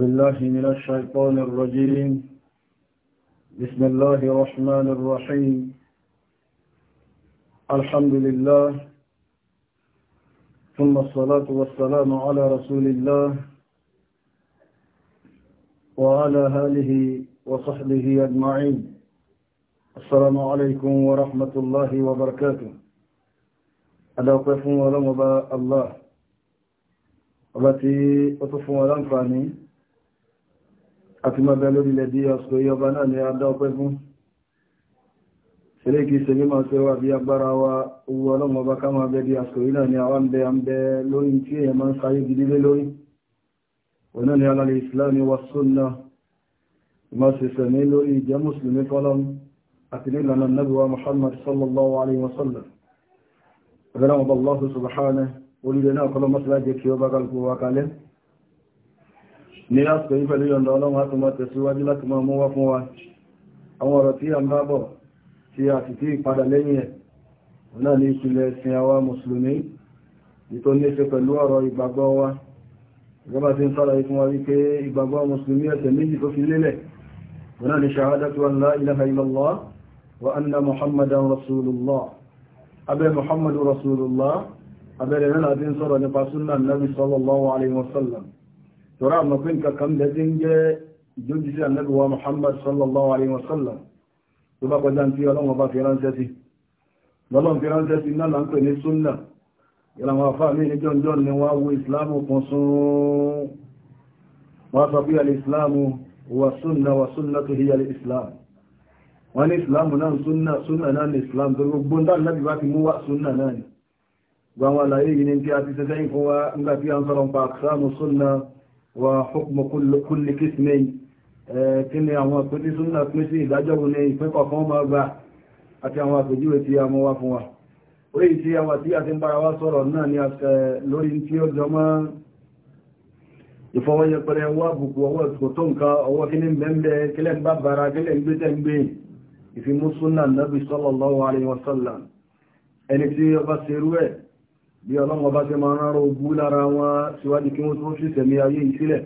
بالله من الشيطان الرجيم بسم الله الرحمن الرحيم الحمد لله ثم الصلاة والسلام على رسول الله وعلى آله وصحبه أجمعين السلام عليكم ورحمة الله وبركاته أدعوكم ورحمة الله التي أتفهم ورحمة àti máa bẹ lórí ilẹ̀ bí ọ̀sọ̀ yìí ọba náà ni a dá ọpẹ́ fún ilé kìí sẹ́lé máa sẹ́wà bí agbára wa owó ọlọ́mọ ọba ká máa bẹ bí ọ̀sọ̀ yìí náà ni àwọn bẹ à ń bẹ lórí tí èèyàn máa ń sáyé gidi lé lórí òun ni alàlẹ́ ìsìláàmì wa sunna ìmọ̀ sẹ̀sẹ̀ ní lórí ìjẹ́ mùsùlùmí fọ́lọ́m àti nílànà nàbíwá Muhammad sallallahu alaihi wasallam ní àsìkò yí pẹ̀lú yọ̀ndọ̀ ọlọ́run láti máa tẹ̀síwájú láti máa mú wá fún wa àwọn ọ̀rọ̀ tí a ń bá bọ̀ tí a sì tí ìpadà lẹ́yìn ẹ̀ náà ní ìpìlẹ̀ ẹ̀sìn àwa mùsùlùmí ìtò ní ṣe pẹ̀lú ọ̀rọ̀ ìgbàgbọ́ wa ìjọba ti ń sára ikún wa wípé ìgbàgbọ́ mùsùlùmí ẹ̀sẹ̀ méjì tó fi lélẹ̀ náà ní ترى ما فين كم لازم جا جوجي هو محمد صلى الله عليه وسلم تبا قدان في الله وبا في رانسي نلون في رانسي نلا نكو نسونا يلا ما فاهمين جون جون نواو إسلام وقصو ما صبي الإسلام وسنة وسنة هي الإسلام وان إسلام نان سنة سنة نان إسلام تقول دار النبي باتي موا سنة نان وان والله يجي ننتي أتي سجين فوا نبي أنصرهم فأقسام سنة, wa hukmu kulli qismi kí ni àwọn ìpínlẹ̀ súnmọ́ pín sí ìdájọ́ wo ni ìpín kọ̀ọ̀kan máa gbà àti àwọn àpèjúwe tí a mọ́ wá fún wa orí tí a wà tí a ti ń bára wá sọ̀rọ̀ náà ni lórí tí ó jọ mọ́ ìfọwọ́yẹpẹrẹ wá bùkù ọwọ́ ìsìkò tó nǹkan ọwọ́ kí ní bẹ́ẹ̀ kílẹ̀ ń bá bára kílẹ̀ ń gbé ẹni tí ọba ṣerú ẹ̀ bí ọlọ́wọ́ bá ṣe máa rárá ogú lára wọn síwájú kí wọ́n tó sì tẹ̀mí ayé ìsílẹ̀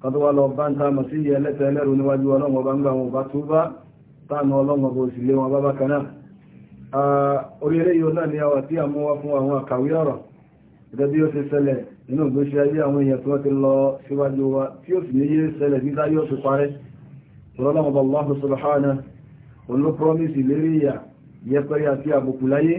kọ́tọ́wà lọ bá ń ta mọ̀ sí iye ẹlẹ́tẹ̀ ẹlẹ́rù níwájú ọlọ́wọ́ bá ń gbà wọn bá tó bá táàmù ọlọ́wọ́ bó sì wọn bá a wà tí a mú wá fún àwọn àkàwé ọ̀rọ̀ gẹ́gẹ́ bí ó ṣe ṣẹlẹ̀ nínú ìgbésí ayé àwọn èèyàn tí bá lọ́wọ́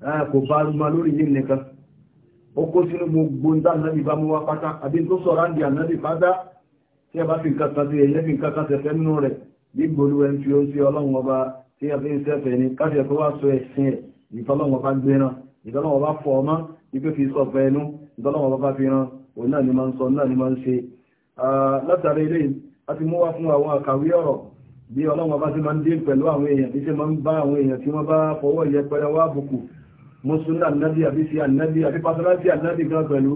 Ah, kò bá rúmọ lórí yìí nìkan ó kó sínú gbogbo ń dá náàbì bá mú wá pátá àbí tó sọ̀rọ̀ àndì ànábì pátá tí a bá fi nǹkan kan sí ẹ̀yẹ́ fi nǹkan kan tẹ̀fẹ́ nínú rẹ̀ ní gbòlú ẹn fi ó sí ọlọ́run ọba tí a fi ń sẹ́fẹ̀ ní káṣẹ̀ tó wá sọ ẹ̀sìn ẹ̀ ìtọ́lọ́run ọba gbé ran ọba fọ ah, a ti mú wá fún àwọn mùsùlùmí ànábì àbí sí ànábì àbí pàtàkì ànábì gan pẹ̀lú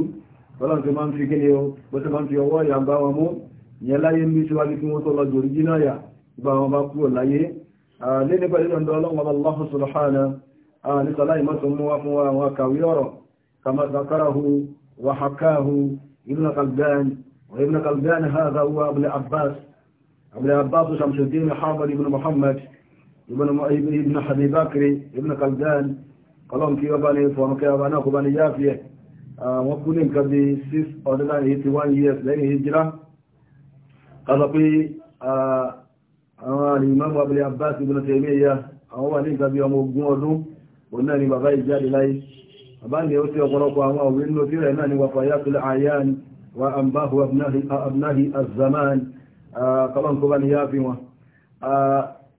ọlọ́run tó máa ń fi kí ni ó bó tó máa ń fi ọwọ́ ìyà bá wọn mú ìyẹn láyé ń síwájú kí wọ́n tó lọ jòrí jìnnà yà bá wọn bá kúrò láyé lé nípa ìlú ọ̀dọ́ ọlọ́run Allah subhanahu nípa láì mọ́tò mú wá fún àwọn akàwé wa hakahu ibn kalgan wa ibn kalgan hadha huwa abul abbas abul abbas shamsuddin muhammad ibn muhammad ibn ibn habibakri ibn kalgan ọlọ́run kí ọba ní fọ́nù kí ọba náà kó bá ní yá fi ẹ̀ wọ́n kú ní nǹkan bí 681 years lẹ́yìn hijira kásọ pé àwọn alìmọ́mù abúlé abbas ibn Taymiyyah àwọn wà ní nǹkan bí ọmọ ogún ọdún òun náà ni bàbá ìjáde láyé bàbá ní ó tí ọ̀pọ̀lọpọ̀ àwọn òwe nínú tí rẹ̀ náà ni wafayatul ayan wa ambahu abnahi azaman kọlọ́n kó bá ní yá fi wọn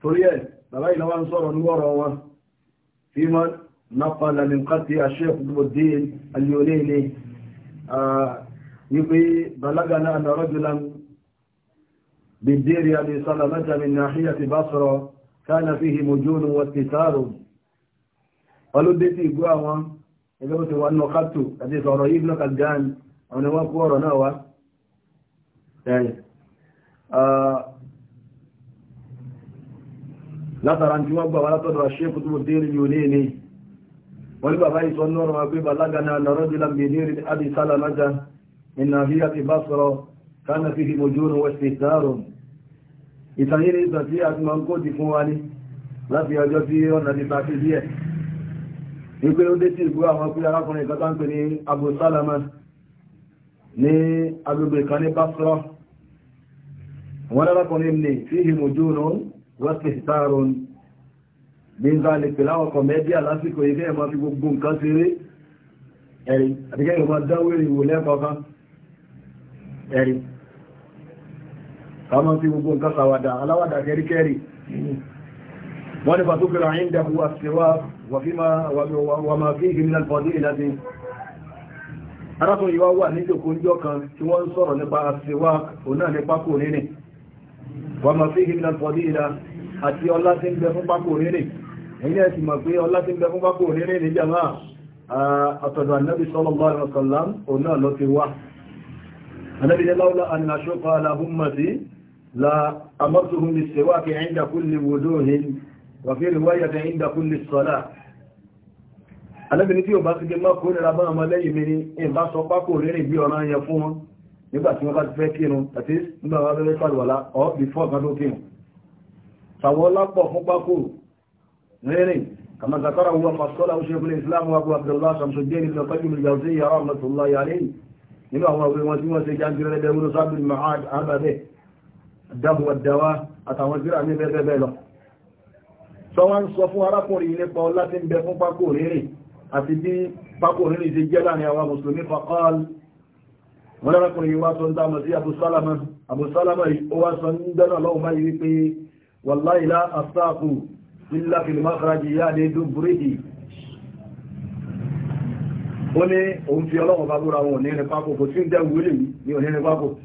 torí ẹ̀ bàbá ìlọ́wọ́ ń sọ̀rọ̀ níwọ̀rọ̀ wọn fi نقل من قتل الشيخ قطب الدين اليونيني يقول بلغنا أن رجلا بالدير أبي سلمة من ناحية بصرة كان فيه مجون واتسار ولدت إقواما إذا قلت وأن قدت أدي صريب لك الجان أنا وقور نوا látara tí wọ́n gbà wá látọ̀dọ̀ ṣe kútùbù dìrì yóò ní wọ́n ní bàbá ìsọ ní ọ̀rọ̀ pé bàlága náà lọ́rọ̀ jùlọ mìírí àbí sálàmájá iná rí àti bá sọ̀rọ̀ káàkiri fi fi mojú oòrùn west ìtààrùn ìtàyé ní ìtàn tí a ti máa ń kó ti fún wa ní láti ọjọ́ tí ọ̀nà ti ta díẹ̀ ìpé ó dé sí ìgbó àwọn pé arákùnrin kan tán pè ní Abu Salama ní agbègbè kan ní Basra wọ́n lárákùnrin ní fi ìmòjú oòrùn west ìtààrùn gbíńgá lè pè láwọn kọmẹ́díà lásìkò ilé ẹ̀mọ́ fi gbogbo nǹkan ṣeré ẹ̀rí àtikẹ́ ìwọ̀n dáwẹ́rì ìwò lẹ́kọ̀ọ́kan ẹ̀rí kàmọ́ fi gbogbo nǹkan sàwàdà aláwàdà kẹríkẹrí wọ́n ni pàtókèrè àyíndàbù àṣíwá wàmà fi ìgbìmìnà pọ̀dí ìlàdí arákùnrin wa wà ní ìjòkóńjọ́ kan tí wọ́n ń sọ̀rọ̀ nípa àṣíwá òun nípa kò nínì wàmà fi àti ọlá tí ń bẹ fún pákò nínì ẹ̀yìn ẹ̀sì mọ̀ pé ọlá tí ń bẹ fún pápò onírìn ní jàmá àtọ̀dọ̀ annabi sallallahu alaihi wasallam òun náà lọ ti wá annabi ní láúlá an ashuqa ala ummati la amartuhum bis-siwak 'inda kulli wudu'in wa fi riwayatin 'inda kulli salah annabi ní tí ó bá ti gẹ mọ́ kó nira bá ọmọ lẹ́yìn mi ní ìbá sọ pápò fún lápọ̀ fún pákòrò ريري كما ذكره وفصله شيخ الإسلام أبو عبد الله شمس الدين بن قيم الجوزية رحمة الله عليه لما هو أبو المسلم سيجان جرى لديه نصاب المعاد أما به الدم والدواء أتوزر أمي بيه بيه sọ́wọ́n sọ fún arákùnrin nípa ọlá tí ń bẹ fún pákó rírì àti bí pákó rírì ti jẹ́ láàrin àwọn mùsùlùmí fàkọ́l wọ́n arákùnrin wá sọ ń dámọ̀ sí àbúsálàmà ó wá sọ ń dẹ́nà lọ́wọ́ máa yìí pé wàláìlá àsáàkù illa fil makhraji yá ní dúbúrídì ó ní òun fi ọlọ́wọ́ bá búra wọn ní ní pápò kò sí ń jẹ́ wúlé ní òní ní pápò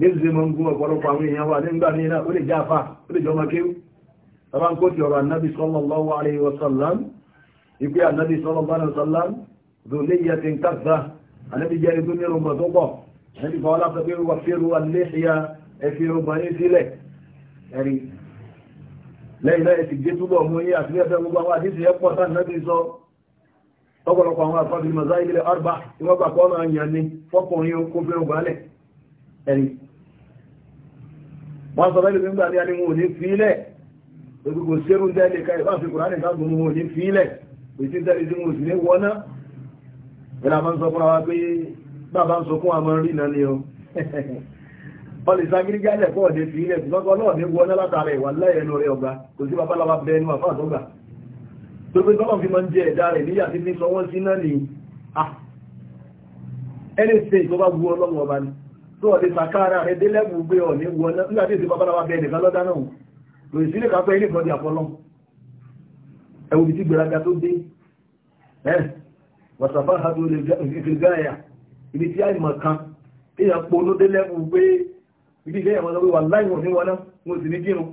ní ìsì mọ́ ń gún ọ̀pọ̀lọpọ̀ àwọn èèyàn wà nígbà ní iná ó lè jẹ́ afá ó lè jọ ọmọ kéwú tọ́bá ń kó ti ọ̀rọ̀ annabi sallallahu alaihi wasallam ìpé annabi sallallahu alaihi wasallam dhuliyyatin kadha annabi jẹ́ ẹni tó ní rọmọ tó pọ̀ ẹni fọwọ́lá sọ pé wà fẹ́rù alẹ́ṣíà ẹfẹ́ rọmọ yín sílẹ̀ ẹ̀rí lẹ́yìn náà ti gé túbọ̀ mú yí àti ẹgbẹ́ gbogbo àwọn àdíṣẹ́ ẹ̀pọ̀ sáàrínlẹ́bí sọ ọ̀pọ̀lọpọ̀ àwọn àfáàbí mazá ilẹ̀ arba tí wọ́n gbàpọ̀ ọmọ àyàn ni fọ́kùnrin kóbìnrin gbálẹ̀ ẹ̀rí wọ́n sọ mẹ́lẹ̀ nígbà ní àní wọn ò ní fílẹ̀ gbogbo sẹ́rù ń dẹ́lẹ̀ ọlẹ̀sàgírígálẹ̀ fọ́ ọ̀dẹ́ fi ilẹ̀ ṣùgbọ́n náà ní wọ́n látara ìwà lẹ́yẹnu rẹ̀ ọgbà kò sí babalaba bẹnu àfáàtọ́gbà tó pé tọ́lọ̀ fi máa ń jẹ ẹ̀dá rẹ̀ níyà tí ní sọwọ́n sí náà ní ah, ẹni ṣe ìjọba wu ọlọ́run ọba ni tó ọ̀dẹ́ sàkára rẹ̀ délẹ́bù gbé ọ̀ ní wọ́n nígbà tí èsì babalaba bẹ nìkan lọ́dá náà kò sí lè kápẹ́ ilé ìfọ́dí àfọlọ́ ẹwù tí gbèrágà tó dé ẹ wàsàfáà ibi ilé ẹ̀wọ̀n lọ́wọ́ wà láì wọ̀n ní wọn náà mo sì ní kírun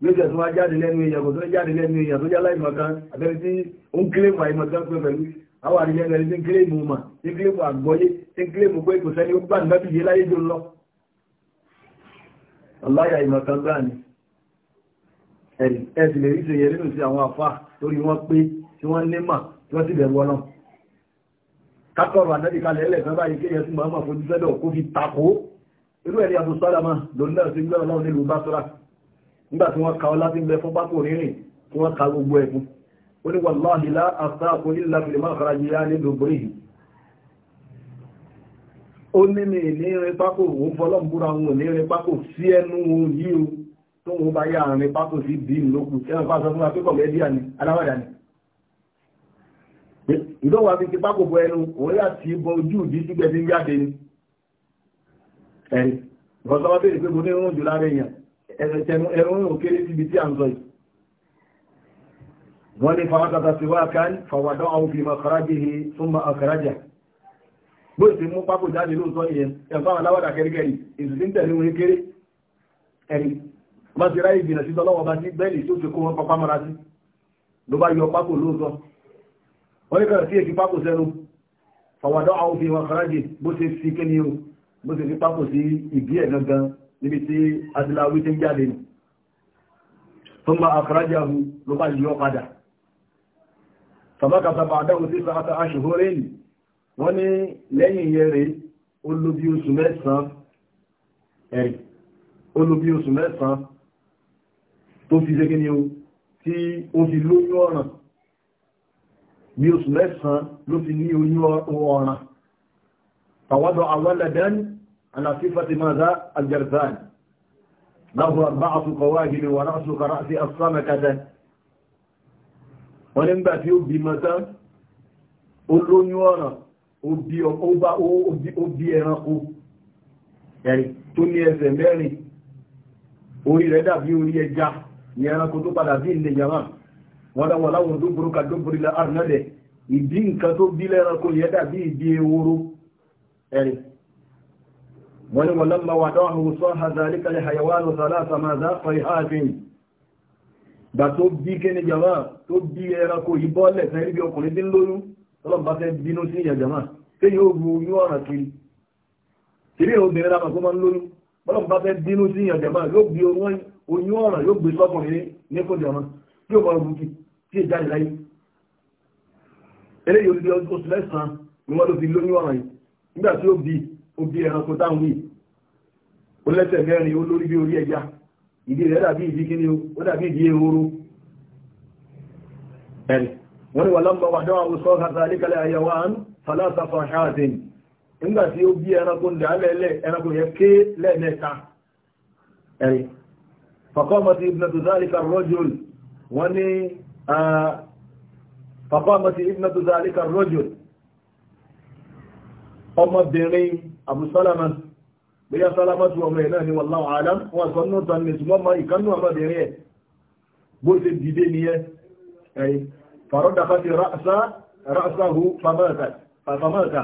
yóò tẹ̀sùn wá jáde lẹ́nu èèyàn kò tó jáde lẹ́nu èèyàn tó já láì mọ̀kan abẹ́rẹ́ tí ó ń kílé mọ̀ àìmọ̀ kan pé pẹ̀lú àwọn àrílẹ̀ ẹni tí ń kílé mọ̀ mà tí ń kílé mọ̀ àgbọ́yé tí ń kílé mọ̀ pé kò sẹ́ni ó gbà nígbà bìyẹ láyé jò lọ. ọláyà ìmọ̀ kan gbà ní ẹ sì lè rí ṣe yẹ nínú irú ẹ̀rí Abu Salama lòun náà ti gbẹ́rọ náà nílùú Basra nígbà tí wọ́n ka ọlá ti ń bẹ fún pápó rírìn tí wọ́n ka gbogbo ẹ̀kún ó ní wallahi tó òun bá yá rin pápó sí bíi lókù ẹnu fásọ fún wa pé kọ̀mẹ́díà aláwàdà ni ìdọ́wà fi ti pápó bọ ẹnu òun yà ti bọ ojú ìdí sígbẹ́ fi ń jáde ni ẹ̀rí ìfọ́sọ́wọ́ bèèrè pé mo ní irun jù lára èèyàn ẹ̀rẹ̀tẹ̀nu ẹ̀rùn ò kéré síbi tí a ń sọ yìí wọ́n ní fàwátàtà sí wá kan fàwádọ́ àwọn fi makaraje he súnmọ́ akaraja bó sì mú pápò jáde lóòótọ́ ìyẹn ẹ̀fọ́ àwọn aláwọ̀dà kẹrìkẹrì ìsìsí ń tẹ̀lé wọn kéré ẹ̀rí má ti ráyè ìgbìnà sí tọ́lọ́wọ́ bá sí bẹ́ẹ̀lì tó ti kó wọn pápá mara sí ló bá yọ pápò lóòótọ́ wọ́n ní kàrà sí èkì pápò sẹ́nu fàwádọ́ àwọn fi makaraje bó ṣe fi kéni bó ti fi pápò sí ìdí ẹ̀ gangan níbi tí adìláwí ti ń jáde nù tó máa àfàrájáhu ló bá yíó padà sàbákàtà bá dáhùn sí sàátà aṣòhórẹ́ nì wọ́n ní lẹ́yìn yẹn rẹ̀ olóbi oṣù mẹ́sàn tó fi ṣe kíni o tí ó fi lóyún ọ̀ràn bí oṣù mẹ́sàn ló fi ní oyún ọ̀ràn فوضع ولدا على صفة ماذا الجرثان له أربعة قواجن ورأس كرأس الصمكة ونبع في أبي متى قلون يوانا أبي أبا أبي أبي أنقو يعني تني أسمعني orí rẹ̀ dàbí orí ẹja ní ẹranko tó padà bí ilẹ̀ yàmá wọ́n dáwọn láwọn dúnbùrú ka dúnbùrú ilẹ̀ arnadẹ̀ ìdí nǹkan tó bí lẹ́ranko yẹ dàbí ìdí ehoro ẹ̀rì wọ́n ni wọ́lọ́mà wà dáwọn àwùsọ́ àzàríkàlẹ̀ àyàwárò sàlásà máa za fàí hàfin gbà tó bí kíni jama tó bí ẹranko ìbọ́lẹ̀ sẹ́rí bí ọkùnrin dín lóyún tọ́lọ̀mbá fẹ́ bínú sí ìyà jama tí yóò ru yóò ọ̀nà kiri ìrí obìnrin lápá máa ń lóyún tọ́lọ̀mbá fẹ́ bínú sí ìyà jama yóò gbé oyún ọ̀nà yóò gbé sọ́kùnrin ní kò jama tí ó bọ̀ ọ̀rùn kí tí ìjáde láyé eléyìí olùdí oṣù mẹ́sàn-án ni wọ́n ló fi lóyún ọ̀nà yìí nígbà tí ó bí ó bí ẹranko táwọn wí ó lẹ́sẹ̀ mẹ́rin ó lórí bí orí ẹja ìdí rẹ̀ dàbí ìdí kíní ó dàbí ìdí ehoro ẹ̀rì wọ́n ni wà lọ́mọ wàdánwà ó sọ́ kàtà àríkàlẹ̀ àyàwó àánú fàlásàfà ṣáàtìn nígbà tí ó bí ẹranko ń ẹranko yẹ ké lẹ́ẹ̀mẹ́ta ọmọbìnrin àbúsálàmà bóyá sálámà tó ọmọ ẹ̀ náà ni wallahu alam wọn sọ nínú tán ní ṣùgbọ́n ma ìkánú ọmọbìnrin ẹ̀ bó ṣe dìde nìyẹn ẹ̀yìn fàrọ́dàfà ti ra'sahu famata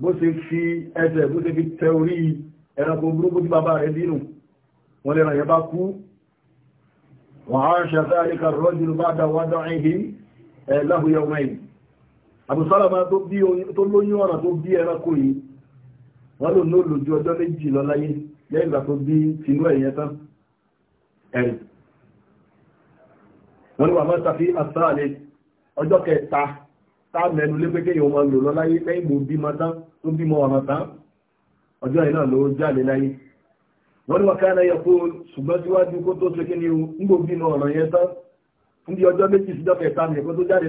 bó ṣe fi ẹsẹ̀ bó ṣe fi tẹ orí ẹranko burúkú tí bàbá rẹ̀ dínú wọn lè ràn bá kú wàá ṣàtàrí kan àbùsọ́lọ́mọ tó lóyún ọ̀nà tó bí ẹranko yìí wọ́n lò ní olójú ọjọ́ méjì lọ láyé lẹ́yìn ìgbà tó bí tinú ẹ̀yẹn tán ẹ̀rì wọ́n ni wà máa tàbí àtàlẹ̀ ọjọ́ kẹta tá mẹ́nu máa lò lọ láyé lẹ́yìn tán tó tán ọjọ́ yìí náà ló jáde láyé wọ́n ni wà yẹ kó ṣùgbọ́n síwájú kó tó ṣe kí ni ń ọ̀nà yẹn tán fún bí ọjọ́ méjì síjọ́ kẹta nìkan tó jáde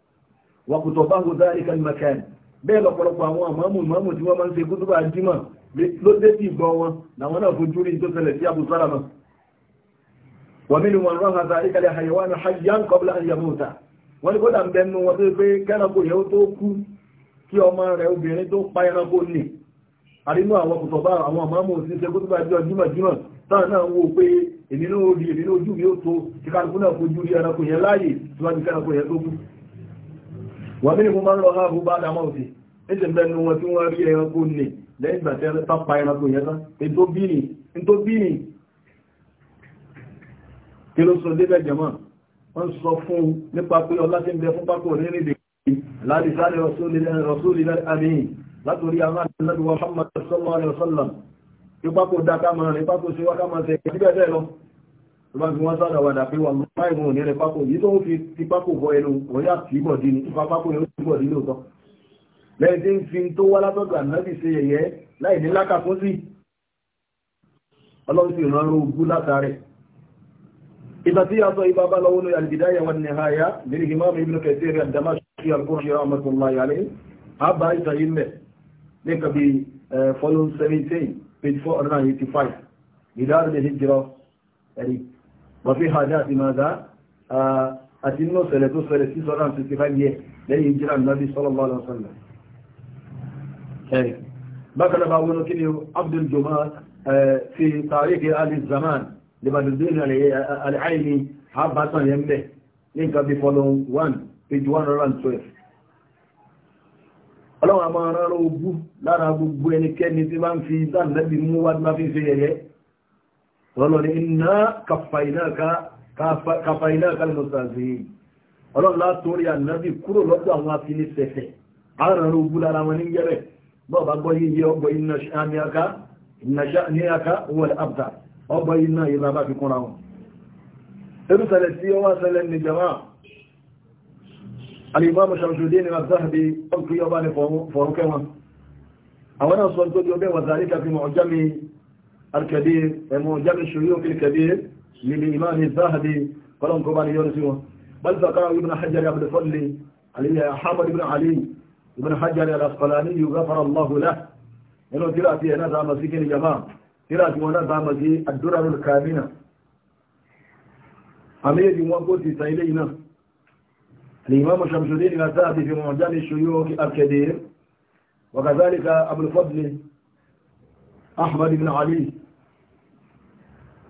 wàkùtọ̀fáhù dáríkà makan bẹ́ẹ̀ lọ́pọ̀lọpọ̀ àwọn amamu ìmọ́mù tí wọ́n máa ń ṣe kútúbà jímọ̀ ló dé sí ìgbọ́ wọn làwọn náà fojú rí tó ṣẹlẹ̀ sí Abu Salama wọ́n mílù wa rán ha dáríkà lè na hayyan qabla an yamuta wọ́n ní kó dà ń bẹnu wọn tó pé kẹ́ranko yẹn tó kú kí ọmọ rẹ̀ obìnrin tó pa ẹranko nì àrínú àwọn kùtọ̀bá àwọn àmọ́mù ti ṣe kútúbà jímọ̀ jímọ̀ táwọn náà wo pé èmi náà rí èmi náà ojú mi ó tó kíkàlùkù náà fojú rí ẹranko yẹn láàyè tí wọ́n ti kẹ́ranko yẹn tó kú wọ́n mí ní mo máa ń lọ láàbù bá dámọ́ òfin ẹ̀sẹ̀ ń bẹ́nu wọn tí wọ́n rí ẹranko nì lẹ́yìn ìgbà tí ẹran pa ẹranko yẹn tán ètò bíìnì ètò bíìnì kí ló sọ débẹ̀ jẹ̀mọ́ wọ́n sọ fún nípa pé ọlá ti ń bẹ fún pákó nínú ìdè láti sáré rọ̀súlì àmìyìn látòrí àwọn àdínlẹ́dùwọ̀ lọ́bá fi wọ́n sọ́dọ̀ wàdà pé wọ́n máa ìwọ̀n ní rẹ̀ pápò yìí tó ń fi ti pápò bọ ẹnu wọ́n yà tí bọ̀ dínú ipa pápò yóò tí bọ̀ dínú ọ̀tọ́ lẹ́yìn tí ń fi tó wá látọ̀dọ̀ ànábì ṣe yẹ̀yẹ́ láì ní lákàtún sí ọlọ́run sì rán ogún látàrẹ̀ ìgbà tí a sọ ibà bá lọ́wọ́ lórí al-Bidaya wa an-Nihaya lórí Imam Ibn Kathir وفي حاجات ماذا آه أتنو سلة سلة سلة ستفان يه لأي جرى النبي صلى الله عليه وسلم بكنا بأولو كني عبد الجمال آه في تاريخ آل الزمان لبعد الدين العيني حبة يمده لنك بفولون 1 page 112 ọlọ́run a máa rárá ogún lára gbogbo ẹnikẹ́ni tí bá ń fi ìdánilẹ́bí mú wá tí bá fi ń ṣe yẹ̀yẹ́ ọlọ́ni iná kàfàìná kálùmọ̀sáàzì ọlọ́lá torí ànábì kúrò lọ́dọ̀ àwọn afinisẹ̀fẹ̀ àrùn ogun lára wọn ní yẹ́rẹ̀ bọ́ọ̀bá gbọ́ yíyẹ ọgbọ̀ iná ṣáníyàká wọlé abdá ọgbọ̀ iná ìrànbá fi kúnra wọn irúsẹ̀lẹ̀ tí ó wá sẹlẹ̀ ní jama alìbámu ṣàmṣùdé ni abdáhàbí ọkùnrin ọba ni fọ̀rúnkẹ́ wọn àwọn náà sọ الكبير موجب الشيوخ الكبير للإمام الذهبي قلن كبان يرسوه بل فقال ابن حجر ابن فلي علي حامد ابن علي ابن حجر الأسقلاني غفر الله له إنه ترى أنا ذا مسيك الجماعة ترى وانا ذا مسيك الدرر الكامنة أمير وقوتي سيلينا الإمام شمس الدين الذهبي في معجم الشيوخ الكبير وكذلك أبو الفضل أحمد بن علي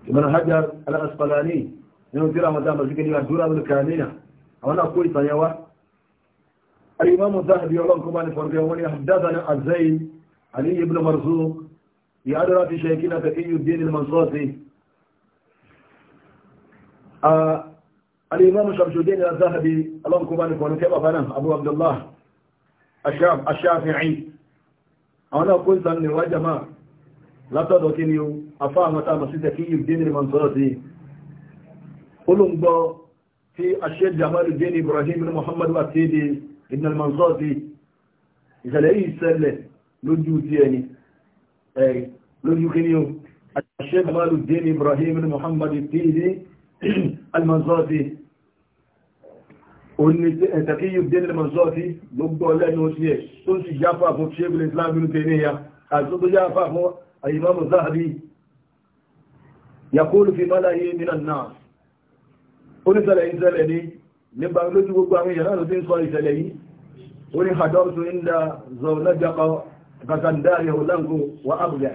ibn hajar al-asqalani nínú tíra àwọn dáàmà sí kìnnìyà dúrà lórí kàníyà àwọn náà kó ìtànyẹwá al-imam zahabi ọlọ́nkọ́ bá ní fọ́nkẹ́ wọn ni haddathana ali ibn marzuq yàdúrà ti shaykhina taqiyuddin al-mansati الإمام شمس الدين الذهبي اللهم كبان يكون كيف أفنى أبو عبد الله الشافعي أنا قلت أن وجمع látọ̀dọ̀ kí ni ó afá àmọ́ta àmọ́ síta kí yìí dínì man sọ́rọ̀ sí olùgbọ́ tí aṣẹ́ jamalu dínì ibrahim ní muhammadu àti ibn al-mansur sí ìṣẹ̀lẹ̀ yìí ṣẹlẹ̀ lójú tí ẹni lójú kí ni ó aṣẹ́ jamalu dínì ibrahim ní muhammadu àti al-mansur sí òní Dini al-Mansuri gbogbo sí ẹ̀ tó الإمام الذهبي يقول في ملأ من الناس قلت الإنسان لي من بغلوت وقوامي ينال دين صلى الله ولي حضرت عند زولجق كسنداري هولانكو وأرجع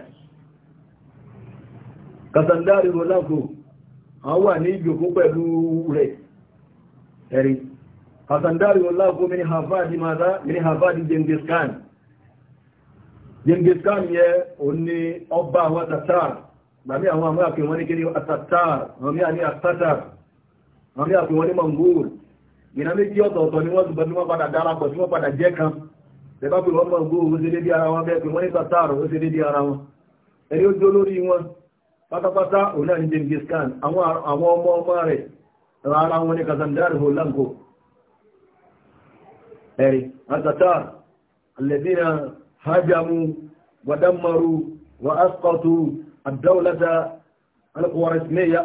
كسنداري هولانكو هو نيجو pẹ̀lú rẹ̀ هري، kàtàndàrí ọlá من mini hafadi mada mini hafadi Genghis Khan Genghis Khan yẹ òní ọba àwọn tatar gbàmí àwọn àmúyà pé wọ́n ní kíní atatar wọ́n ní àní atatar wọ́n ní àpè wọ́n ní mongol ìran méjì ọ̀tọ̀ọ̀tọ̀ ni wọ́n ti bọ́ni wọ́n padà darapọ̀ tí wọ́n padà jẹ́ kan lẹ́bá pé wọ́n mongol ó ṣe dédé ara wọn bẹ́ẹ̀ pé wọ́n ní tatar ó ṣe dédé ara wọn ẹni ó هاجموا ودمروا وأسقطوا الدولة الخوارزمية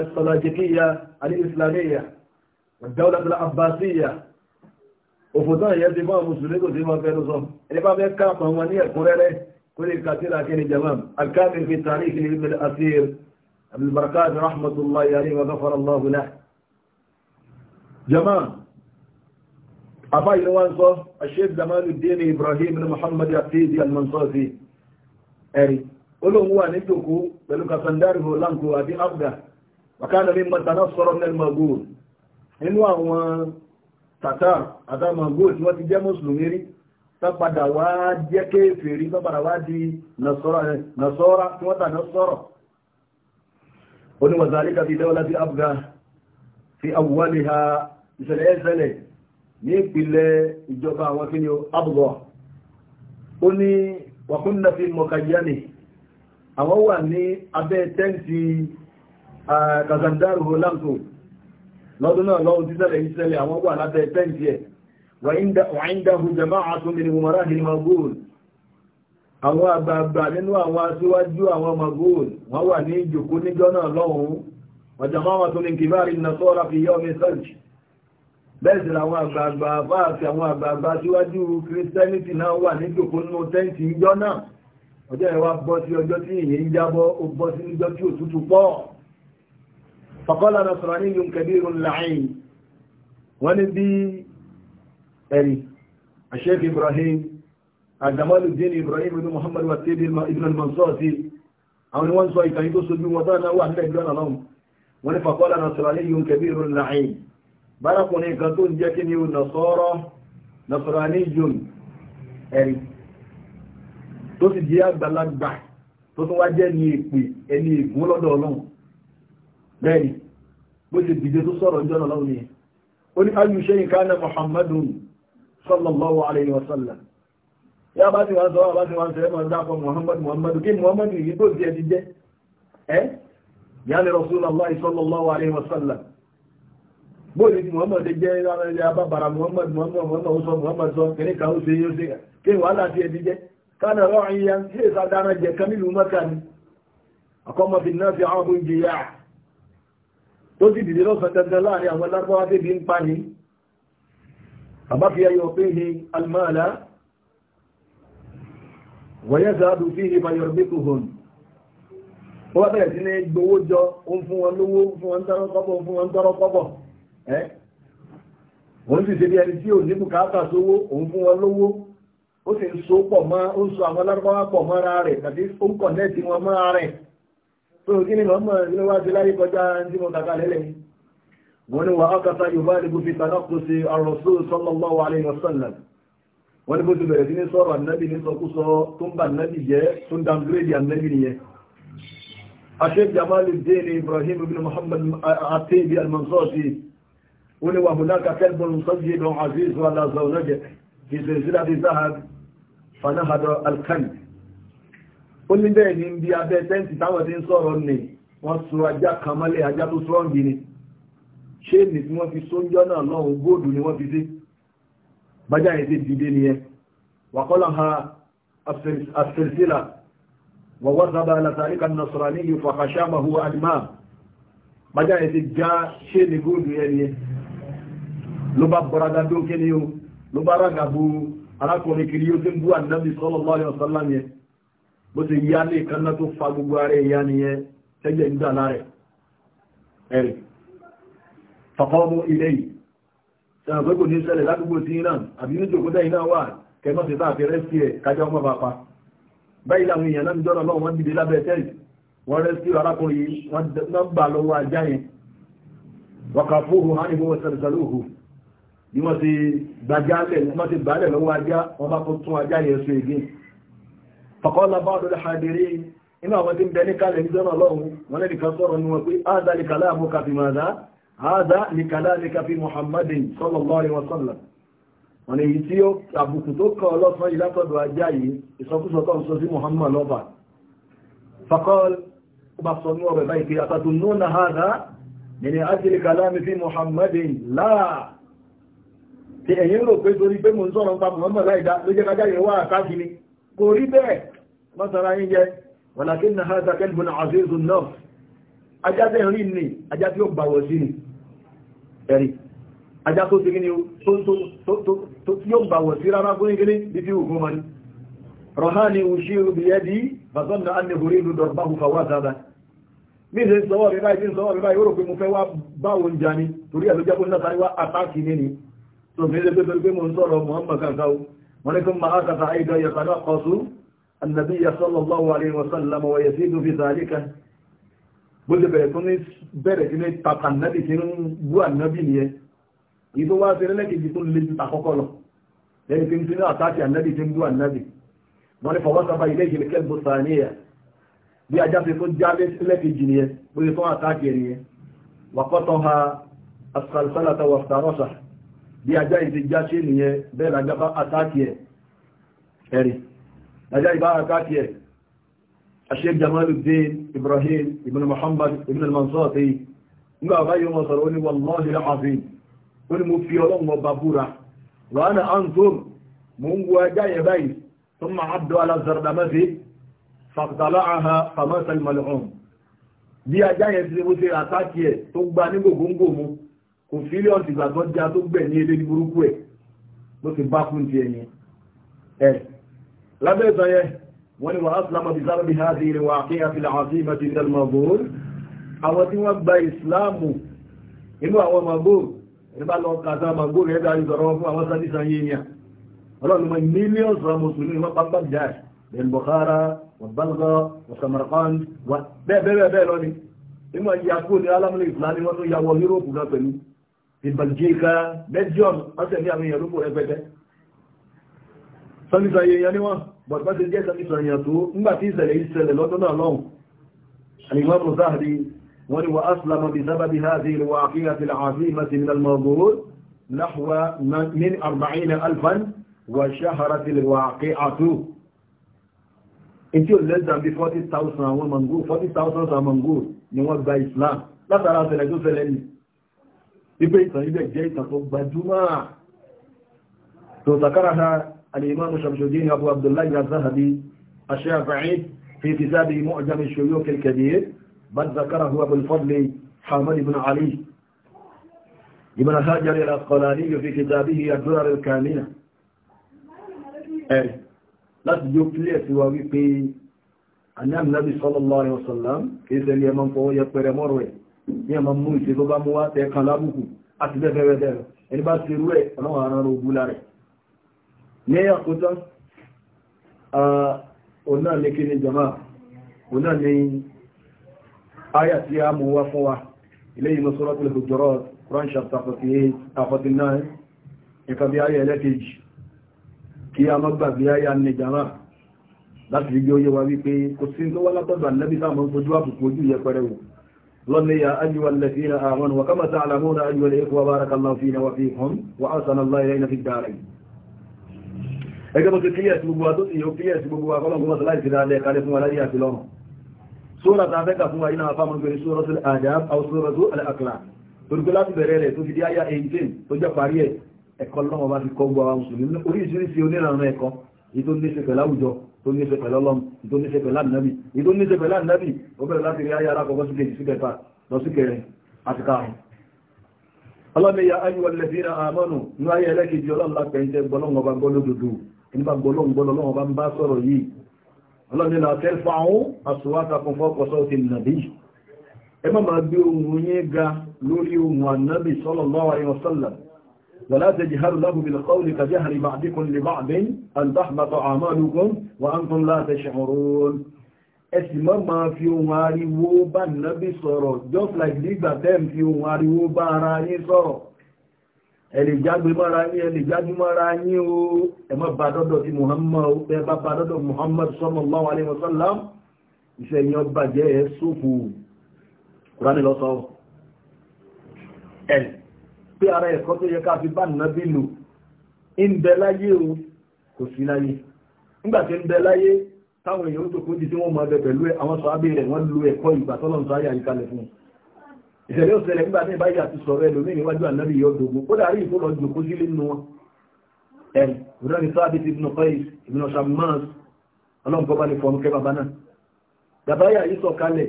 السلاجقية الإسلامية والدولة العباسية وفضل يجب أن مسلمين وزيما في نظام إذا كان هناك فهمانية كوريلة كل الكاتل أكين الجمام الكامل في التاريخ لابن الأسير أبو البركات رحمة الله عليه وغفر الله له جمام àbá ìlú wọn sọ aṣèf zamanu dini ibrahim ní muhammad àfíìdì almansozi ẹ̀rí olóhùn wà ní jòkó pẹ̀lú kasandari holanko àti abga wakana mi matana sọ̀rọ̀ ní magul nínú àwọn tatar àtàwọn magul tí wọ́n ti jẹ́ mùsùlùmí rí tọ́padà wá jẹ́ kéfèrí tọ́padà wá di nasọ́ra tí wọ́n tà nasọ́rọ̀ oníwàzàríkà fi ní ìpìlẹ̀ ìjọba àwọn kí ni abúgbọ́ ó ní wàkúnnà fi mọ̀kàyáni àwọn wà ní abẹ́ tẹ́ǹtì kazandaru holamto lọ́dún náà lọ́wọ́ títẹ́lẹ̀ ìṣẹ́lẹ̀ àwọn wà lábẹ́ tẹ́ǹtì ẹ̀ wàíndàhù jama'a tó mìí mọ̀rá hìí magool àwọn àgbààgbà nínú àwọn aṣíwájú àwọn ní ìjòkó níjọ́ náà fi yọ́ mi sẹ́lẹ̀ bẹ́ẹ̀ sì làwọn àgbààgbà àbá àti àwọn àgbààgbà síwájú kírísítẹ́nìtì náà wà ní ìjòkó nínú tẹ́ǹtì ìjọ náà ọjọ́ ẹ̀ wá bọ́ sí ọjọ́ tí ìyẹn ń jábọ́ ó bọ́ sí níjọ́ tí òtútù pọ̀ faqala nasraniyyun kabirun la'in wọ́n ní bí ẹ̀rì Sheikh Ibrahim Jamaluddin Ibrahim ibn Muhammad wa tẹ́bí ibn al-Mansur àwọn ni wọ́n sọ ìkàyí tó sojú wọn tọ́nà wà nílẹ̀ ìlú ọ̀nà lọ́wọ́ wọ́n ní faqala nasraniyyun kabirun la'in bárakùnrin kan tó ń jẹ́ kí ni ó nasọ́rọ́ nasọ́rání yun ẹ̀rí tó sì jẹ́ àgbàlagbà tó tún wá jẹ́ ní èpè ẹni ègún lọ́dọ̀ ọlọ́run bẹ́ẹ̀ni bó ṣe dìde tó sọ̀rọ̀ jọ́nà lọ́wọ́ ni ó ní ayyu shay'in kana muhammadun sallallahu alayhi wa sallam ya bá ti wá sọ bá ti wá sọ ẹmọ dápọ̀ muhammadu muhammadu bóòlù tí Muhammad jẹ́ ìrànlẹ́lẹ́ abábara Muhammad Muhammad Muhammad ó sọ Muhammad sọ kìnní kan ó ṣe yóò ṣe kí wàhálà tí ẹbí jẹ́ kánà rọ àyíyá sí ìsàdára jẹ kan nílùú mọ́ta ni àkọ́mọ́fin náà fi àwọn oúnjẹ yá tó ti dìde lọ́sàn dandan láàrin àwọn lárúbáwá tẹ́bi ń pa ni bàbá fi ayọ̀ pé he almala wọ́yẹ́ sáàdù fi he mayọ̀ bí hàn ó wá bẹ̀rẹ̀ sí ní gbowó jọ ó ń fún wọn lówó fún wọn tọrọ kọ́bọ̀ fún wọn tọrọ kọ́bọ̀ òun sì ṣe bí ẹni tí ò ní bùkátà sówó òun fún wọn lówó ó sì ń so pọ̀ mọ́ ó ń so àwọn lárúbáwá pọ̀ mọ́ra rẹ̀ tàbí ó ń kọ̀nẹ́ẹ̀tì wọn mọ́ra rẹ̀ tó kí ni mọ́mọ́ ló wá sí láyé kọjá tí mo kàkà lẹ́lẹ̀ wọ́n ni wà á kàtà yorùbá ní gbogbo ìtànàkù sí àròsù sallallahu alaihi wasallam wọ́n ni bó ti bẹ̀rẹ̀ sí ní sọ̀rọ̀ ànábì ní sọkúsọ tó ń bà ànábì jẹ́ tó ń dangrédì ànábì nìyẹn Sheikh Jamaluddin Ibrahim ibn Muhammad Atibi al-Mansati ó ní wà hunaka kalbun sayyidun azizun ala zawnajihi fi silsilati zahab fanahada al-kalb ó ní bẹ́ẹ̀ ní bí abẹ́ tẹ́ǹtì táwọn ti ń sọ̀rọ̀ ní wọ́n so ajá kan mọ́lẹ̀ ajá tó sọ́ọ̀gì ni ṣé ní tí wọ́n fi sóúnjọ́ náà lọ́hùn góòdù ni wọ́n fi sí bájá yẹn ti dìde nìyẹn wàkọ́lá ha asẹ̀sílà wọ̀wọ́sábà alásàríkà nasọ̀rọ̀ ní ìfọ̀kàṣàmà huwa adìmá bájá yẹn ti já ṣé ní góòdù yẹn nìyẹn ló bá bọ́radá tó kí ni o ló bá rága bu arákùnrin kiri yóò tí ń bú ànábì sallallahu alaihi wasallam yẹn bó ti yá ní ìkànnà tó fa gbogbo ara ẹ̀yà nìyẹn tẹ́jẹ̀ ń dà lára ẹ̀rì fàkọ́mú ilé yìí ṣàgbégbò ní ṣẹlẹ̀ ládùúgbò tí iná àbí ní jòkútẹ́ iná wà kẹ́mọ́ sí táàfi rẹ́sì ẹ̀ kájá ọmọ bàpá báyìí láwọn èèyàn náà jọ́rọ̀ lọ́wọ́ wọ́n dìde lábẹ́ tẹ́lì wọ́n rẹ́sì arákùnrin wọ́n gbà lọ́wọ́ bí wọ́n ti gbàjálẹ̀ wọ́n ti gbàálẹ̀ lọ́wọ́ ajá wọ́n bá tún ajá yẹn sí igi fàkọ́lá bá ọdọ́dọ́ hadiri inú àwọn tí ń bẹ ní kalẹ̀ ní sọ́nà lọ́wọ́ wọ́n lẹ́ni kan sọ́rọ̀ ní wọn pé áàdá ní kalá mú kàfi màdá áàdá ní kalá ní kàfi muhammadin sallallahu alaihi wasallam wọ́n èyí tí ó àbùkù tó kọ́ pé tí ẹ̀yin rò pé torí pé mo ń sọ̀rọ̀ pa Muhammad láìdá ló jẹ́ kájá ìwà àkáàkiri kò rí bẹ́ẹ̀ mọ́sàrá yín jẹ́ wàlákí na hàtà kẹ́lùmọ́nà àzízu náà ajá tẹ́ rí ní ajá tí ó gbàwọ̀ sí ni ẹ̀rí ajá tó ti gíní tó tí ó gbàwọ̀ sí rárá fún gíní bí fi hùkú mọ́ni rọ̀hání òṣìrò bí ẹdí bàzọ́nà annihorí ìlú dọ̀rbáhù fàwọ́ àtàdá mi ṣe sọ́wọ́ rí báyìí sọ́wọ́ rí báyìí ó rò pé mo fẹ́ wá báwọn jà ni torí ẹ̀ ló jẹ́ kó ní látàrí àtàkì ní ni tó fi lè pẹ́pẹ́ pé mo ń sọ̀rọ̀ Muhammad kankan wọ́n ní kí ma á kàtà àìdá yàtàrà kọsù annabi ya sallallahu alaihi wasallam wa ya sídú fi zalika bó ti bẹ̀rẹ̀ tó ní bẹ̀rẹ̀ sí ní tàkà annabi tí ń bú annabi nìyẹn ìtò wá sí lẹ́lẹ́kejì tó lè ta kọ́kọ́ lọ lẹ́yìn tí ń ti ní àtàkì annabi tí ń bú annabi wọ́n ní fọwọ́ sábà ilé ìjìnlẹ̀ kẹ́lbù sàníyà bí ajá ti tó já lẹ́kejì nìyẹn bó ti tó àtàkì nìyẹn wàkọ́tọ̀ ha asalsalata wa sarọ́sà bí ajá ìṣe já ṣe nìyẹn bẹ́ẹ̀ lájá bá àtàkì ẹ̀ ẹ̀rì lájá ìbá àtàkì ẹ̀ Sheikh Jamaluddin Ibrahim ibn Muhammad ibn al-Mansati nígbà bá yóò mọ̀ sọ̀rọ̀ ó ní wallahi al-azim ó ní mo fi ọlọ́run ọba búra wa ثم عبدوا على الزردمذي فاقتلعها فمات الملعون bí ajá yẹn ti mo ṣe àtàkì ẹ̀ kò fílẹ̀ ọ̀tì gbàgbọ́ já tó gbẹ̀ ní ilé burúkú ẹ̀ ló ti bá fún ti ẹ̀yìn ẹ̀ lábẹ́ ìtàn yẹn wọ́n ni wà áṣìlámà bí sára bí ha sí ilé wà kí a fi làwọn sí ìmọ̀ ti tẹ́lẹ̀ mọ̀gbòrò àwọn tí wọ́n gba ìsìláàmù inú àwọn mọ̀gbòrò nígbà lọ kàtà mọ̀gbòrò ẹ̀dà ìsọ̀rọ̀ fún àwọn sádìsàn yìí ni ọlọ́run mọ̀ mílíọ̀nù sọ̀rọ̀ mùsùlùmí wọ́n pápá jà Bukhara wa Balga wa Samarkand wa bẹ́ẹ̀ bẹ́ẹ̀ bẹ́ẹ̀ lọ ni inú àyíyá kúrò ní alámúlẹ̀ ìsìláàmù wọ́n tó yàwọ̀ Yúróòpù náà pẹ̀lú ìbàjíkà belgium ọ́sẹ̀ ní àwọn èèyàn lókò rẹpẹtẹ sọ́nìsọ èèyàn ní wọ́n bọ̀t bá ti jẹ́ sọ́nìsọ èèyàn tó ńgbà tí ìṣẹ̀lẹ̀ ìṣẹ̀lẹ̀ lọ́dún náà lọ́hùn àníwọ́n mọ̀ sáàrí wọ́n ni wọ́n aslama bí sábàbí hàzí ìlú wa àfíà ti làásí ìmọ̀sí ní almọ̀gbòrò náhùwà min arba'ina alfan wa ṣahara ti lè wà kí àtú in wípé ìtàn ilẹ̀ jẹ́ ìtàn tó gbajúmọ̀ tó sàkárà ha alìmọ́mù ṣamṣojú ní abu abdullahi al-zahabi aṣẹ́fàáyí fi kìtàbí mu'jam ash-shuyukh al-kabir bal zakarahu abu al-fadl hamad ibn ali ibn hajar al-asqalani fi kìtàbí ad-durar al-kamila ẹ̀rì láti jó kílẹ̀ sí wa ní ọmọ mú ìṣe tó bá mú wá tẹ kan lábùkù àti bẹ́ẹ̀ bẹ́ẹ̀ kí ni jọmọ́ òun náà ní áyà tí a mú wá fún wa ilé ìmọ̀ Suratul Hujurat Quran chapter 48 49 nǹkan bí áyà ẹlẹ́kejì kí a mọ́ gbàgbé áyà ní jọmọ́ láti rí bí ó yẹ wa wípé kò sí tó wá látọ̀dọ̀ ànábì táwọn fojú àbùkù ojú yẹpẹrẹ wò لن يا أيها الذين آمنوا وكما تعلمون أيها الإخوة بارك الله فينا وفيكم وأسأل الله إلينا في الدارين ẹgbẹ́ tó kíyẹ̀ sí gbogbo wa tó ti yóò kíyẹ̀ sí gbogbo wa kọ́lọ̀ gbogbo láì sí dáadẹ́ kalẹ̀ fún wa àti lọ́rùn sóra ta fẹ́ fún wa iná afá sóra tó àdáb àwọn sóra tó al'akla torípé tó ní ṣe pẹ̀lú ọlọ́run tó ní ṣe pẹ̀lú ànábì ìtò ní ṣe pẹ̀lú ànábì ó bẹ̀rẹ̀ láti rí ayé alákọ̀ọ́kọ́ sí kejì sí kẹta lọ sí kẹrin àti káàrùn ọlọ́run ya ayé wọlé sí ra àmọ́nù ní ayé ẹlẹ́kejì ọlọ́run la pẹ̀ ń jẹ gbọ́lọ́run ọba gbọ́ lódodo nípa gbọ́lọ́run gbọ́lọ́run ọba ń bá sọ̀rọ̀ yìí ọlọ́run la fẹ́ fáwọn àsùwáta kan fọ́kọ̀ sọ́ọ̀tì nàbí sallallahu alaihi wasallam ولا تجهروا له بالقول كجهر بعضكم لبعض أن تحبط أعمالكم وأنتم لا تشعرون ẹ̀sìn mọ́ máa fi ohun ariwo bá nàbí sọ̀rọ̀ just like nígbà tẹ́m fi ohun ariwo bá ara yín sọ̀rọ̀ ẹ̀lẹ̀jágbé mọ́ra yín ẹ̀lẹ̀jágbé mọ́ra yín o ẹ̀mọ́ bá dọ́dọ̀ ti Muhammad ẹ bá bá dọ́dọ̀ Muhammad pé ara ẹ̀kọ́ tó yẹ ká fi bá nàbí lò ń bẹ láyé o kò sí láyé nígbà tí ń bẹ láyé táwọn èèyàn tó kún jí tí wọ́n mọ̀ ẹbẹ̀ pẹ̀lú àwọn sọ abẹ́ rẹ̀ wọ́n lo ẹ̀kọ́ ìgbà tọ́lọ́n sọ ayé àyíkalẹ̀ fún ìṣẹ̀lẹ̀ òṣẹlẹ̀ nígbà tí ìbáyé àti sọ̀rọ̀ ẹ̀ lómi níwájú ànábì yọ dogun ó dàrí ìfó lọ jòkó sílé nínú wọn ẹ̀rì ìrọ̀lẹ́ sábẹ́ ti bínú kọ́yì ìbínú sàmúmáàs ọlọ́nkọ́ bá ní fọ́n kẹ́ bàbá náà bàbá yà yí sọ kalẹ̀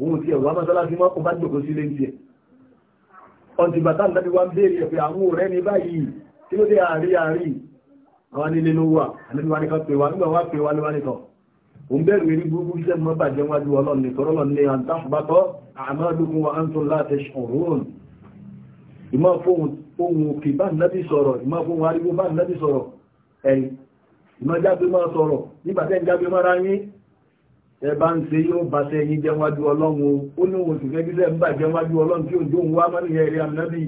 òun ti ẹ̀wà mọ́sálásí mọ́ ọdìgbàtà ìdábí wá ń bèèrè ẹ̀fẹ́ àwọn ọ̀rẹ́ ní báyìí tí ló dé àárí àárí àwọn nílé ló wà àníwáníkan pè wá nígbà wá pè wá níwáníkan o ń bẹ̀rù eré gbogbo iṣẹ́ mọ́ bàjẹ́ wájú ọlọ́ni tọ́rọ́lọ́ ní àtàkùbátọ́ àmọ́dúnkún wa ń tún láti ṣọ̀rún ìmọ́ fóhun òkè bá nábì sọ̀rọ̀ ìmọ́ fóhun ariwo bá nábì sọ̀rọ̀ ẹ̀yìn ìmọ́ jágbé máa sọ̀rọ̀ nígbàtẹ́ jágbé mára yín ẹ̀bá ń ṣe yóò bá ṣe yí jẹwájú ọlọ́run ó ní oṣù gẹ́gísẹ̀ ń bà jẹwájú ọlọ́run tí òjò ń wá mọ́ nìyẹn eré àmìnábì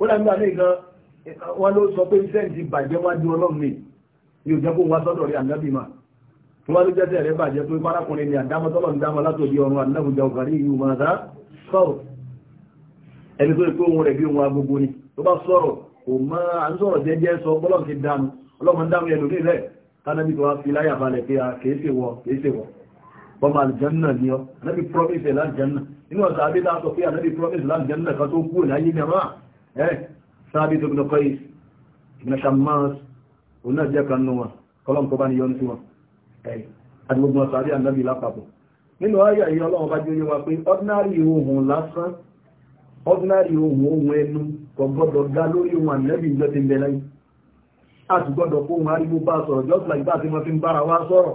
ó dàgbà ní ìkan ló sọ pé iṣẹ́ ti bàjẹ́ wájú ọlọ́run ni yóò jẹ́ kó wá sọ́dọ̀ rí àmìnábì mà tí wọ́n ló jẹ́sẹ̀ rẹ̀ bàjẹ́ pé párákùnrin ni àdámọ́tọ́lọ́ ń dámọ́ látòdì ọrùn àdámọ́jà ọ̀gárí ìlú màdá sọ̀rọ̀ ni tó bá sọ̀rọ̀ kò mọ́ à ń bọ́mọ aljanna ni ọ anabi promise aljanna nínú ọ̀sà abídá sọ pé anabi promise aljanna kan tó kú láyé mẹ́mà ẹ́ sábì tó gbọ́kọ́ yìí ìgbìnà kan nù wọn kọ́lọ́m kọ́ bá ní yọ́nú sí wọn ẹ̀ àti gbogbo ọ̀sà abí anabi lápapọ̀ nínú ayé ayé ọlọ́run bá jóyé wa pé ordinary ohun lásán ordinary ohun ohun ẹnu kò gbọ́dọ̀ dá lórí ohun ànẹ́bì ìjọ́ ti bẹ̀rẹ̀ yìí a ti gbọ́dọ̀ kó ohun ariwo bá sọ̀rọ̀ just like that ti mọ́ fi ń bára wá sọ̀rọ̀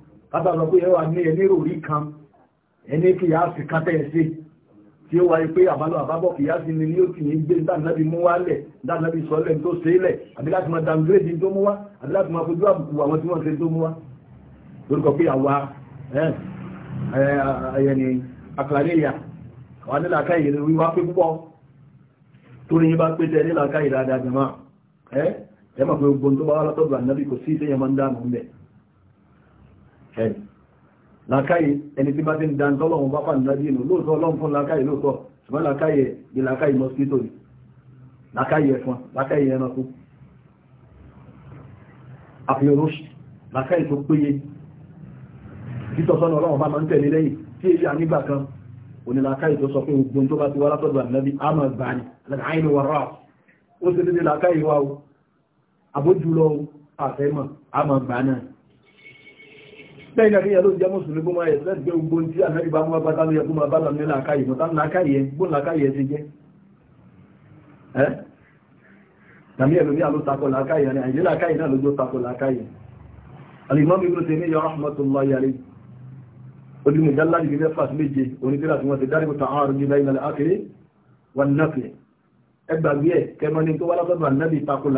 látàlọ́ pé ẹwà ní ẹni ròrí kan ẹni kìyàsì kátẹ́ẹ̀sì tí ó wáyé pé àbálọ́ àbábọ̀ kìyàsì ni yóò tì ní gbé dáadábí mú wá lẹ̀ dáadábí sọ́lẹ̀ tó ṣe lẹ̀ àbí láti máa dàmgírèdì tó mú wá àbí láti máa fojú àbùkù àwọn tí wọ́n ṣe tó mú wá lórúkọ pé àwa ẹ̀yẹni àkàlẹ́yà wà nílà káyè wíwá pé púpọ̀ torí yín bá pé tẹ nílà káyè dáadáa jẹ̀mọ́ ẹ̀ ẹ̀ mọ̀ pé gbogbo tó bá wá látọ̀dọ̀ ẹ̀rì làkáyè ẹni tí bá ti ń dan tọ́lọ́run bá pà nílájí inú lóòtọ́ ọlọ́run fún làkáyè lóòtọ́ ṣùgbọ́n làkáyè di làkáyè mosquito ni làkáyè ẹ̀fọn làkáyè ẹranko àfihàn làkáyè tó péye títọ́sọ́nà ọlọ́run bá máa ń tẹ̀lé lẹ́yìn tí èyí ànígbà kan onílàkáyì tó sọ pé ogun tó bá ti wá látọ̀dọ̀ ànábí àmà lẹ́yìn náà kíyàn ló jẹ́ mùsùlùmí kó máa yẹ sílẹ̀ gbé gbogbo tí àmẹ́rì bá mú bá tánú yẹ kó máa bá tánú nílà àkáyè mọ́ tánú àkáyè gbó làkáyè ti jẹ́ ẹ́ tàbí ẹlòmí àló takọ̀ làkáyè ní àìjẹ́ làkáyè náà lójó takọ̀ làkáyè alìmọ́mí ibùdó ti ní yọ rahmatullah yàrí olùmí dálá ní ilé fàs méje onídìrà tí wọ́n ti dárí kòtà àrùn ní ilẹ̀ àkèrè wà nàfẹ̀ ẹgbàgbé ẹ̀ kẹmọ́ ní tó wá látọ̀dọ̀ ànábì takọ̀